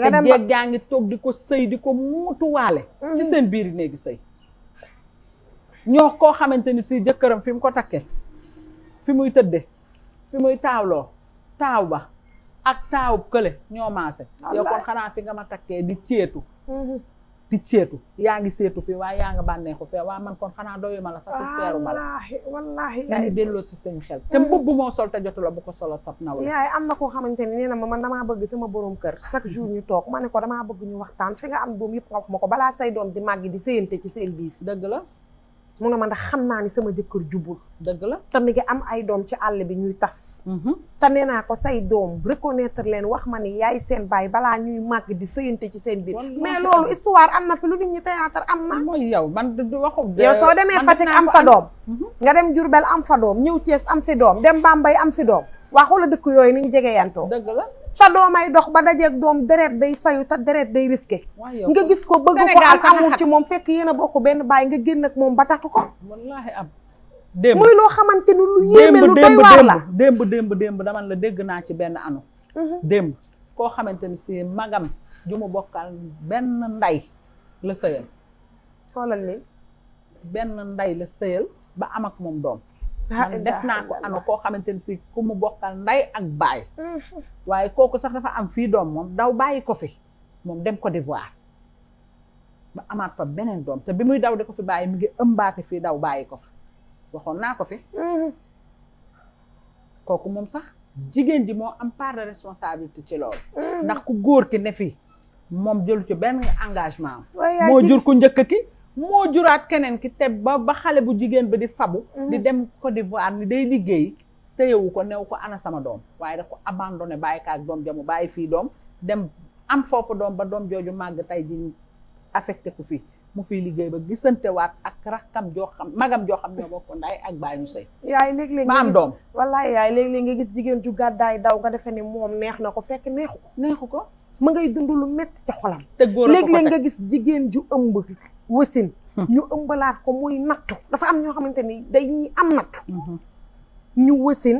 nga dem ba toog di ko sëy di ko muutuwaale. Mm-hmm. ci seen biir néegi sëy ñoo koo xamante ni si jëkkëram fi mu ko takkee fi muy tëddee fi muy taawloo taaw ba ak taawu kële ñoo maase. yow kon xanaa fi nga ma takkee di ceetu. Mm-hmm. di ceetu yaa ngi seetu fii waaye yaa nga bànneexu fee waa man kon xanaa doyu ma la sax feeru ma la wallaahi wallaahi yaay delloo si seen xel te mm. mbubb moo sol te jotu la bu ko solo sab na yaay am na koo xamante ne nee na ma man damaa bëgg sama borom kër chaque jour ñu toog ma ne ko damaa bëgg ñu waxtaan fi nga am doom yëpp nga wax ma ko balaa say doom di màgg di séyante ci seen biir dëgg la mu ne ma ndax xam naa ni sama jëkkër jubul. dëgg la te mi am ay doom ci àll bi ñuy tas. Mhm. te nee naa ko say doom reconnaître leen wax ma ni yaay seen baay balaa ñuy màgg di sëyante ci seen biir. mais loolu histoire am na fi lu nit ñi théâtre am na. yow man du waxu. soo demee Fatick am fa doom. Mhm. nga dem Diourbel am fa doom ñëw Thiès am fi doom dem Bambey am fi doom. waa xoola dëkk yooyu ni ñu jegeyantoo dëgg la sa doomay dox ba dajeeg doom deret day fayu te deret day risqué nga gis ko bëgg ko am amul ci moom fekk yéen a bokk benn baay nga génn ak moom ba takk ko wallaahi am démb loo xamante ni lu yéeme lu doy waar la démb démb démb la dégg naa ci benn anu mhm. démb koo xamante ni si magam ju mu bokkal benn nday la sëyal xoolal li benn nday la sëyal ba am ak moom doom man def naa ko ano koo xamante ne si ku mu bokkal nday ak baay mm-hmm. waaye kooku sax dafa am fii doom moom daw bàyyi ko fi moom dem ko Côte-d'Ivoire ba amaat fa beneen doom te bi muy daw di ko fi bàyyi mu ngi ëmbaate fii daw bàyyi ko fa waxoon naa ko fi mm-hmm. kooku moom sax jigéen ji moo am part de responsabilité ci loolu mm-hmm. ndax ku góor ki ne fii moom jëlu ci benn engagement am moo jur ku njëkk ki moo juraat keneen ki te ba ba xale bu jigéen ba di fabu mhm. di dem Côte d'Ivoire ni day liggéey téyewu ko new ko ana sama doom waaye daf ko abandonné bàyyi ka ak doom jamu bàyyi fii doom dem am foofu doom ba doom jooju màgg tey ji affecté ku fii mu fiy liggéey ba gisantewaat ak rakkam joo xam magam joo xam ñoo bokk ndaay ak bàyyi ñu sëy yaay léeg-léeg nga gis doom wallaay yaay léeg-léeg nga gis jigéen ju gàddaay daw nga defe ni moom neex na ko fekk neexu ko neexu ko ma ngay dund lu métti ca xolam te góor léegi léeg nga gis jigéen ju ëmb wasin hmm. ñu ëmbalaat ko muy nattu dafa am ñoo xamante ni day ñi am nattu hmm. ñu wasin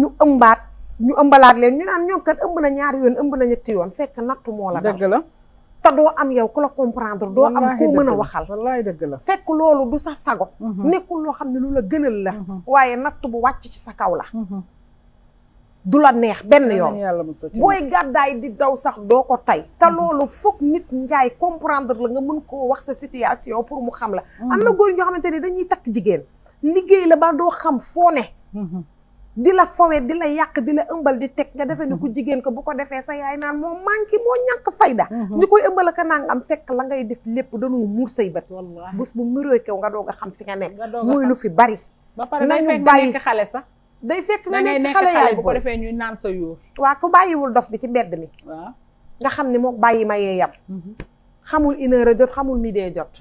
ñu ëmbaat ñu ëmbalaat leen ñu naan ñoom kat ëmb na ñaari yoon ëmb na ñetti yoon fekk nattu moo la dëgg la te doo am yow ku la comprendre doo am koo mën a waxal wallaay dëgg la fekk loolu du sa sago hmm. nekkul loo xam ne lu la gënal la waaye nattu bu wàcc ci sa kaw la dula neex ben yoon boy gaday di daw sax do ko tay ta mm-hmm. lolu foog nit njaay comprendre la nga mën ko wax sa situation pour mu xam la mm-hmm. amna goor ñoo xamanteni dañuy tak jigen liggey la ba do xam fo ne mm-hmm. di la fawee di la yàq di la di nga defé ni ku jigen ko bu ko defé sa yaay naan mo manki mo ñank fayda ni koy ka nang am fekk la ngay def da nu mur sey bët bus bu muroy kew nga do nga xam fi nga nek muy lu fi bari nañu bàyyi xale sax day fekk nga nekk xale yaay bu ko defee ñuy naan sa yuur waa ku bàyyiwul dos bi ci mbedd mi waaw nga xam ne moo bàyyi mayee yam mhm. xamul une heure jot xamul mi dee jot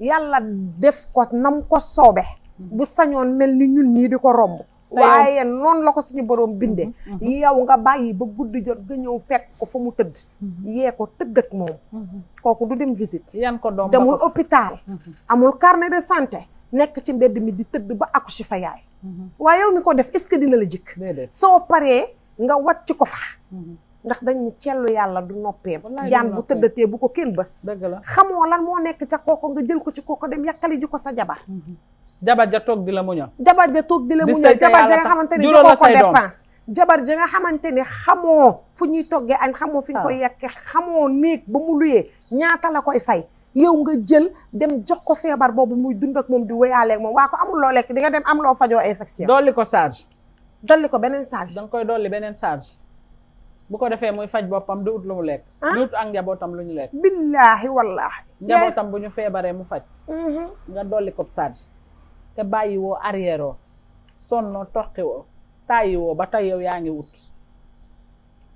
yàlla def ko nam ko soobe mhm. bu sañoon mel ni ñun nii di ko romb waaye noonu la ko suñu borom bindee mhm, yow nga bàyyi ba guddi jot nga ñëw fekk ko fa mu tëdd yee ko tëdd ak moom kooku du dem visite yan ko doom demul hôpital amul carnet de santé Nek ci mbedd mi di teud ba aku ci fa yaay mhm. yow mi ko def est-ce dina la jik so paré nga wàcc ko fa mhm. ndax dañ ni cielu yalla du noppé jaan bu tëddatee bu ko kenn bës xamo lan mo nek ca koko nga jël ko ci koko dem yakali ji ko sa jabar mhm. jabar ja tok di la muñal jabar ja tok dila la muñal jabar ja nga xamanteni ni ko dépense jabar ja nga xamanteni xamo fu ñuy ah. koy ba mu luyé ñaata la koy fay yow nga jël dem jox ko feebar boobu muy dund ak moom di wéyaaleeg moom waa ko amul loo lekk dinga nga dem am loo fajoo infection. dolli ko charge. dolli ko beneen charge. da nga koy dolli beneen charge. bu ko defee muy faj boppam du ut lu mu lekk. ñu ah? ut ak njabootam lu ñu lekk. billaahi wallaahi. njabootam bu ñu feebaree mu faj. Mm-hmm. nga dolli ko charge. te bàyyi woo arrière woo. sonnoo toqi woo. tàyyi woo ba tey yow yaa ngi wut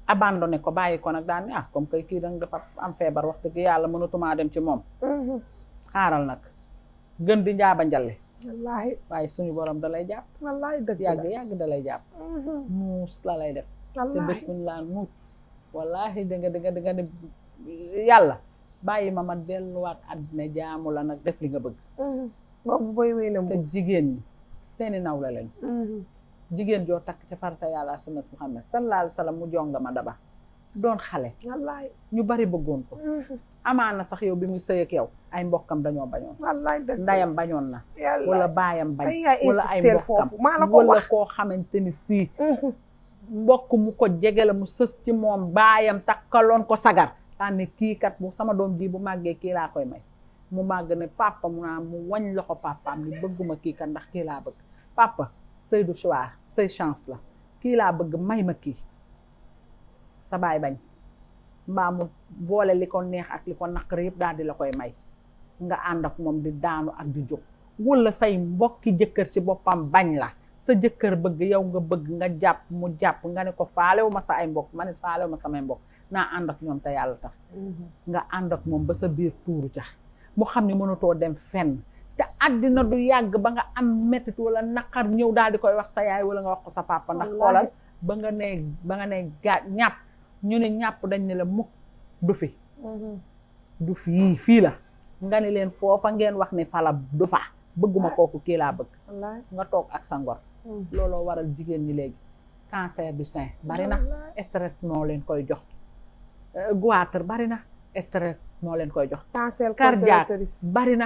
abandoné ko bayi ko nag daan ah comme kay ki nag dafa am feebar wax dëgg yàlla mënatumaa dem ci moom mhm. xaaral nak gën di njaaba njalle wallahi waaye suñu borom dalay japp wallahi wallaahi dëgg yàgg yàgg da lay jàpp mhm. muus la lay def te bismillah mus wallahi laa da nga da nga da nga yalla yàlla mama delu wat delluwaat jaamu la nak def li nga bëgg mhm. boobu booy wéy na muus te jigéen seeni naw la lañ Jigen jo tak ci farta yalla sunas Muhammad sallallahu alaihi wasallam mu jonga ma daba don xale wallahi ñu bari bëggoon ko mhm. amana sax yow bi mu sey ak yow ay mbokam daño bañoon wallaay ndayam bañoon na wala bayam bañ wala ay mbokkam wala koo xamante ni sii mhm. mbokk mu ko jege mu sës ci mom bayam takkaloon ko sagar daan ki kat bu sama dom ji bu magge ki la koy may mu màgg ne papa mu naa mu wañ loxo papaam ni bëgguma ki kat ndax ki la bëgg papa sey du choix sey chance la ki la bëgg may ma kii sa bay bañ mbaa bolé liko neex ak liko ko naqar dal di la koy may nga and ak mom di daanu ak di jox wala say mbokki jëkkeer ci bopam bañ la sa jëkkeer bëgg yow nga bëgg nga japp mu japp nga ne ko wu ma sa ay mbokk ma faalé wu ma may mbokk na and ak ñom ta yalla tax mhm. nga and ak mom ba sa biir touru tax mu xamni to dem fenn te adina du yag ba nga am metti wala nakar ñew dal di koy wax sa yaay wala nga wax ko sa papa ndax xolal ba nga ne ba nga ne ñap ñu ne ñap dañ ne la mukk du fi mhm. du fi fi la nga ne len fofa ngeen wax ne fala du fa bëgguma koku la bëgg nga tok ak sangor mhm. lolo waral jigen ni léegi cancer du sein bari na stress mo len koy jox euh, goitre bari stress mo len koy jox cancer cardiaque bari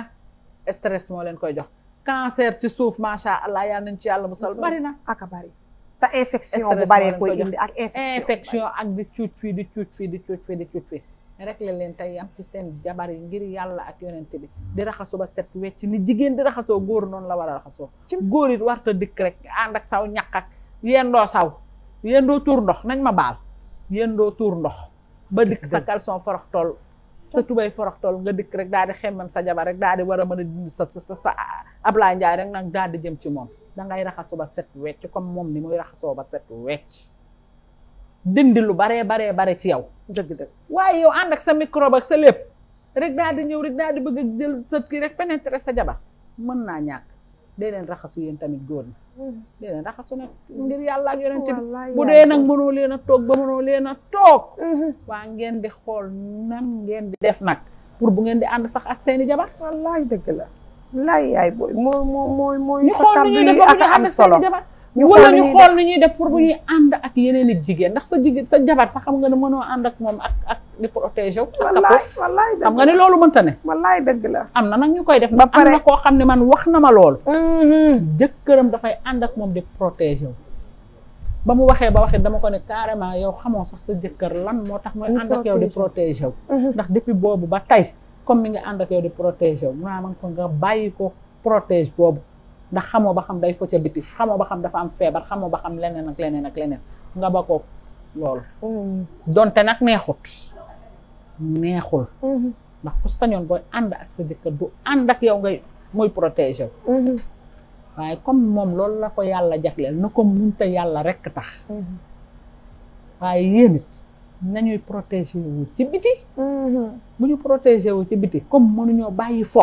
stress moo leen koy jox cancer ci suuf macha allah yal nañ ci yàlla musal bari na ak bari te infection bu baree koy indi ak infection ak di cuuc fii di cuuc fii di cuuc fii rek la leen tey am ci seen jabar yi ngir yàlla ak yonent bi di raxasu ba set wecc ni jigéen di raxasoo góor noonu la war a raxasoo góor it warta dikk rek ànd ak saw ñaq ak yendoo saw yendoo tuur ndox nañ ma baal yendoo tuur ndox ba dikk sa caleçon forox toll sa tubay forox tool nga dikk rek daal di xemmam sa jabar rek daal war a mën a dindi sa sa sa Ablaye Ndiaye rek nag daal di jëm ci moom dangay raxasu ba set wecc comme moom ni muy raxasoo ba set wecc dindi lu baree baree bare ci yow. dëgg dëgg waaye yow ànd ak sa microbe ak sa lépp rek daal di ñëw rek daal di bëgg a jël sa kii rek pénétrer sa jabar mën naa ñàkk. dee raxasu yéen tamit góor ñi mm. dee leen raxasu nag ngir yàlla ak yonent bi bu dee nag mënoo leen a toog ba mënoo leen a toog mm-hmm. waa ngeen di xool nan ngeen di def nag pour bu ngeen di ànd sax ak seeni jabar wallaay dëgg la laay yaay booy moo moo mooy mooy sa kàddu ak am solo ñu xool ñu xool lu ñuy def pour bu ñuy ànd ak yeneen ak jigéen ndax sa jigéen sa jabar sax xam nga ne mënoo ànd ak moom ak ak di protéger wu. wallaay wallaay dëgg xam nga ne loolu mënta ne. wallaay dëgg am na nag ñu koy def. ba pare am na koo xam ne man wax na ma loolu. Mm-hmm. jëkkëram dafay ànd ak moom di protéger wu. ba mu waxee ba waxee dama ko ne carrément yow xamoo sax sa jëkkër lan moo tax mooy ànd ak yow di protéger wu mm-hmm. ndax depuis boobu ba tey comme mi nga ànd ak yow di protéger wu munaa man ko nga bàyyi ko boobu ndax xamoo ba xam day fo ca biti xamoo ba xam dafa am feebar xamoo ba xam leneen ak leneen ak nga ba ko loolu. Mm-hmm. donte nag neexut neexul. Mm-hmm. ndax ku sañoon booy ànd ak sa jëkkër du ànd ak yow ngay muy protéger. Mm-hmm. waaye comme moom loolu la ko yàlla jagleel na ko munta yàlla rekk tax. waaye yéen it nañuy protéger wu ci biti. bu ñu protéger ci biti comme mënuñoo bàyyi fo.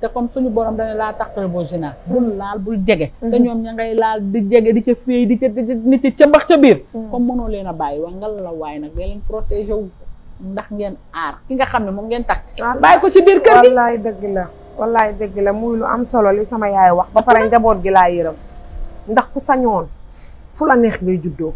te comme suñu borom dañ la taqal bo zina bul laal bu jege te mhm. ñom ña ngay laal di jege di ci fey di ci ni ci ci mbax ci bir comme mhm. mëno leena a wa waa ngal la nak nag leen protéger wu ndax ngeen aar ki nga xam mo ngeen tak bay ko ci bir kër gi wallahi dëgg la wallahi dëgg la muy lu am solo li sama yaay wax ba paré njabot gi la yërëm ndax ku sañoon fu la neex ngay juddo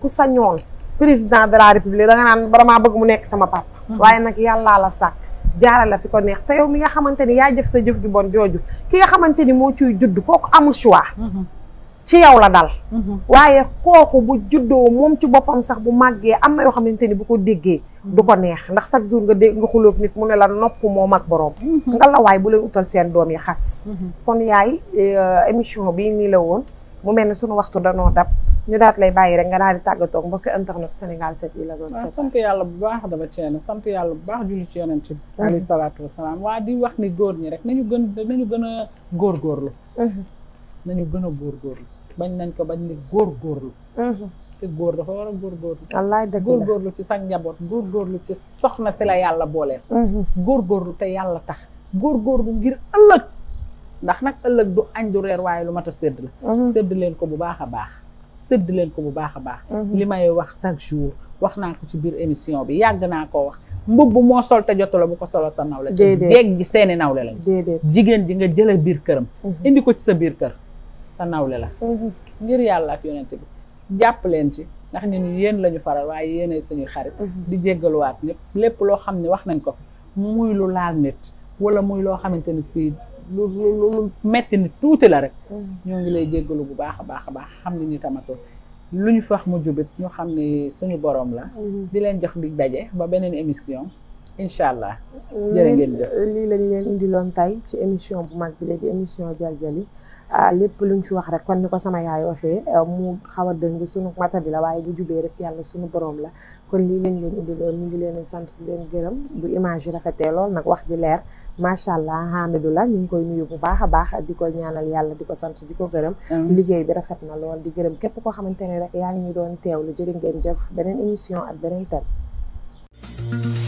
ku sañoon président de la république da nga nan vraiment bëgg mu nekk sama papa mhm. waye nak yalla la sak jaara la fi ko neex te yow mi nga xamante ni yaa jëf sa jëf ju bon jooju ki nga xamante ni moo ciy juddu kooku amul choix. Mm-hmm. ci yow la dal. Mm-hmm. waaye kooku bu juddoo moom ci boppam sax bu màggee am na yoo xamante ni bu ko déggee. Mm-hmm. du ko neex ndax chaque jour nga dégg nga xuloog nit mu ne la nopp moo mag borom. nga la waaye bu leen utal seen doom yi xas. kon yaay euh, émission bii nii la woon mu mel ne sunu waxtu danoo dab. ñu daat lay bàyyi rek nga daal di tàggatoo ak mbokki internet Sénégal 7 yi la doon. waaw sant yàlla bu baax dama ceena sant yàlla bu baax julli ci yonent bi. Mm-hmm. alayhi salaatu wasalaam waa di wax ni góor ñi rek nañu gën nañu gën a góorgóorlu. Mm-hmm. nañu gën a góorgóorlu bañ nañ ko bañ ni góorgóorlu. Mm-hmm. te góor dafa war a góorgóorlu. wallaay dëgg la góorgóorlu ci sa njaboot góorgóorlu ci soxna si la yàlla booleel. lu te yàlla tax. góorgóorlu ngir ëllëg ndax nag ëllëg du añ du reer waaye lu mat a sedd la. sédd leen ko bu baax a baax sëdd leen ko bu baax a baax. Mhm. li may wax chaque jour wax naa ko ci biir émission bi yàgg naa koo wax. mbubb moo sol te jotu la bu ko solo sa nawle. déedéet jeeg ji seeni nawle lañu. déedéet jigéen ji nga jële biir këram. Mhm. indi ko ci sa biir kër sa nawle la. Mhm. ngir yàlla ak yonent bi jàpp leen ci. ndax ñun yéen la ñu faral waaye yéenay suñuy xarit. di jéggaluwaat ñëpp lépp loo xam ne wax nañ ko fi muy lu laal nit wala muy loo xamante ni si lu lu lu metti ni tuuti la rek. Mm. ñoo ngi lay jéggalu bu baax a baax a baax xam ne ni tamatoo lu ñu fax mu jubit ñu xam ni suñu borom la. Mm-hmm. di leen jox di dajee ba beneen émission. incha allah. Euh, jërë ngeen jëf lii lañ leen indiloon tey ci émission bu mag bi la di émission Dialdiali ah, lépp luñ ci wax rek kon ni ko sama yaay waxee euh, mu xaw a dëng sunu matadi la waaye bu jubee rek yàlla sunu borom la kon lii lañ leen indiloon ñu ngi leen sant di leen gërëm bu image yi rafetee lool nag wax ji leer macha allah Hamidou la ñu ngi koy nuyu bu baax a baax di ko ñaanal yàlla di ko sant di ko gërëm. liggéey bi rafet na lool di gërëm képp koo xamante ne rek yaa ngi ñu doon teewlu jërë ngeen jëf beneen émission ak beneen thème.